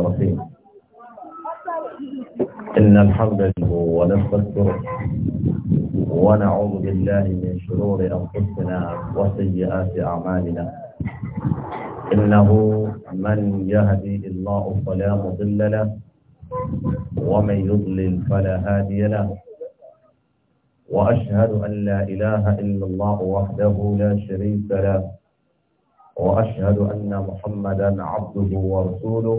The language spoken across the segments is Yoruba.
الرحيم إن الحمد لله ونستغفره ونعوذ بالله من شرور أنفسنا وسيئات أعمالنا إنه من يهدي الله فلا مضل له ومن يضلل فلا هادي له وأشهد أن لا إله إلا الله وحده لا شريك له وأشهد أن محمدا عبده ورسوله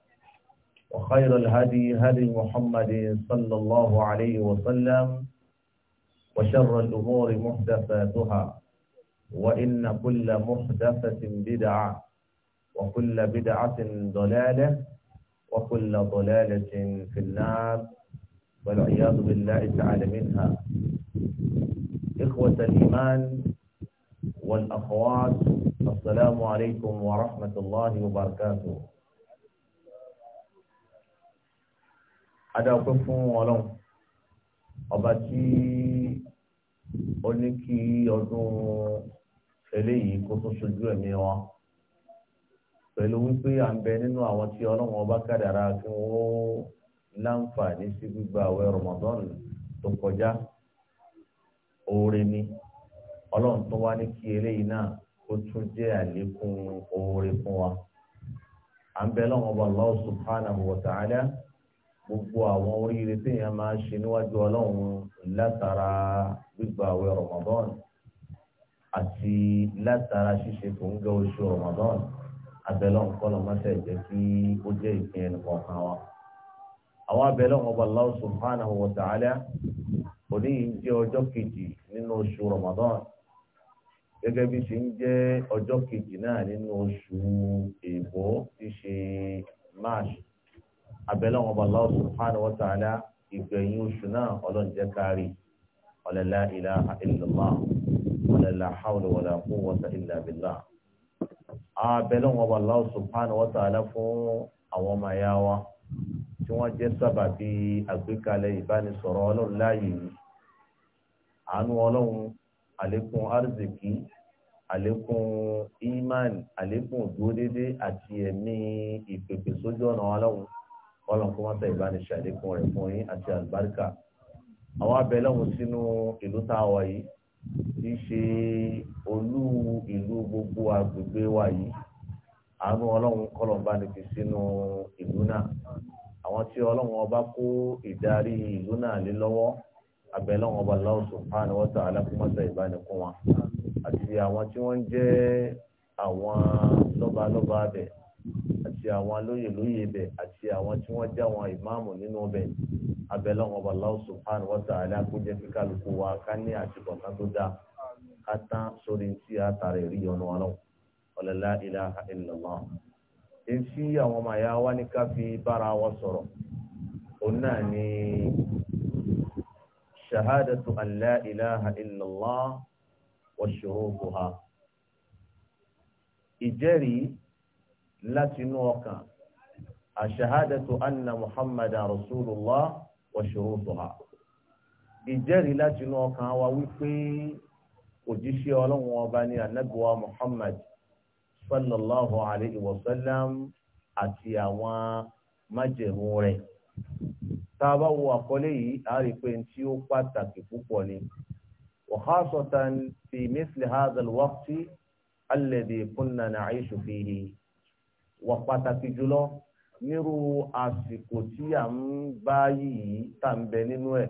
وخير الهدي هدي محمد صلى الله عليه وسلم وشر الأمور محدثاتها وإن كل محدثة بدعة وكل بدعة ضلالة وكل ضلالة في النار والعياذ بالله تعالى منها إخوة الإيمان والأخوات السلام عليكم ورحمة الله وبركاته adáwọ̀pẹ́ fún ọlọ́run ọba tí ó ní kí ọdún eléyìí kó tó sojú ẹ̀mí wọn pẹ̀lú wípé à ń bẹ nínú àwọn tí ọlọ́run ọba kádàrá kí wọ́n láǹfààní sí gbígba àwẹ̀ Ramadan tó kọjá oore ni ọlọ́run tó wá ní kí eléyìí náà kó tún jẹ́ àlékún oore fún wa à ń bẹ ọba Allah subhanahu wa ta'ala. gbogbo àwọn oríire téèyàn máa ṣe níwájú ọlọ́run látara gbígba àwẹ̀ Ramadan àti látara ṣíṣe fòǹgẹ́ oṣù Ramadan abẹ́lẹ́ ọ̀nkọ́lọ́ mọ́sẹ̀ jẹ́ kí ó jẹ́ ìpín ẹnìkan kan wa. àwọn abẹ́lẹ́ ọ̀nkọ́ba Allah subhanahu wa ta'ala òní yìí jẹ́ ọjọ́ kejì nínú oṣù Ramadan gẹ́gẹ́ bí ṣe ń jẹ́ ọjọ́ kejì náà nínú oṣù èbó ti ṣe March abẹ́lẹ́ wọn bá Allah subhanahu wa ta'ala ìgbẹ̀yìn oṣù náà ọlọ́njẹ́ kárí ọ̀lẹ́lá ilaha illallah ọ̀lẹ́lá hawla wala quwwata illa billah. abẹ́lẹ́ wọn bá Allah subhanahu wa ta'ala fún àwọn ọmọ ẹ̀yà wa tí wọ́n jẹ́ sábàbí àgbékalẹ̀ ìbánisọ̀rọ̀ ọlọ́run láàyè yìí àánú ọlọ́run àlékún arzikí àlékún imán àlékún òdúródédé àti ẹ̀mí ìpèpè sójú ọ̀nà ọlọ́run kọ́lọ́n kó má sọ ìbánisẹ̀ àlékún rẹ̀ fún yín àti àlùbáríkà àwọn abẹ́lẹ́ wọn sínú ìlú tá a wà yìí tí í ṣe olú ìlú gbogbo agbègbè wa yìí àánú ọlọ́run kọ́lọ́n bá ní fi sínú ìlú náà àwọn tí ọlọ́run ọba kó ìdarí ìlú náà lé lọ́wọ́ abẹ́lẹ́ wọn ọba Allah subhanahu wa ta'ala kó má sọ ìbánikún wa àti àwọn tí wọ́n jẹ́ àwọn lọ́balọ́ba bẹ́ẹ̀ àti àwọn alóyè lóyè ibẹ̀ àti àwọn tí wọ́n já wọn ìmáàmù nínú ibẹ̀ abẹ́lẹ́ wọn bá Allah subhanahu wa ta'ala àkójẹ́ kí kálukú wa ká ní àtibọ̀tán tó dáa ká tán sórí tí a tààrà èrí ọ̀nà wa lọ́wọ́ ọ̀lẹ́lá ilaha Èsì àwọn ọmọ àyà wa ní ká bára wa sọ̀rọ̀. Òun náà ni shahadatu an la ilaha illallah wa shurutuha. Ìjẹ́rìí láti inú ọkàn àṣàhádẹ́tò anna muhammad rasulullah wa shurutuha ìjẹ́rìí láti inú ọkàn wa wípé òjíṣẹ́ ọlọ́run ọba ní anábíwá muhammad sallallahu alayhi wa sallam àti àwọn májẹ̀mú rẹ̀ tá a bá wo àkọlé yìí a rí i pé tí ó pàtàkì púpọ̀ ni wa fi misli hadha al-waqti alladhi kunna na'ishu fihi wà pàtàkì jùlọ nírú àsìkò tí à ń bá yìí tá ń bẹ nínú ẹ̀.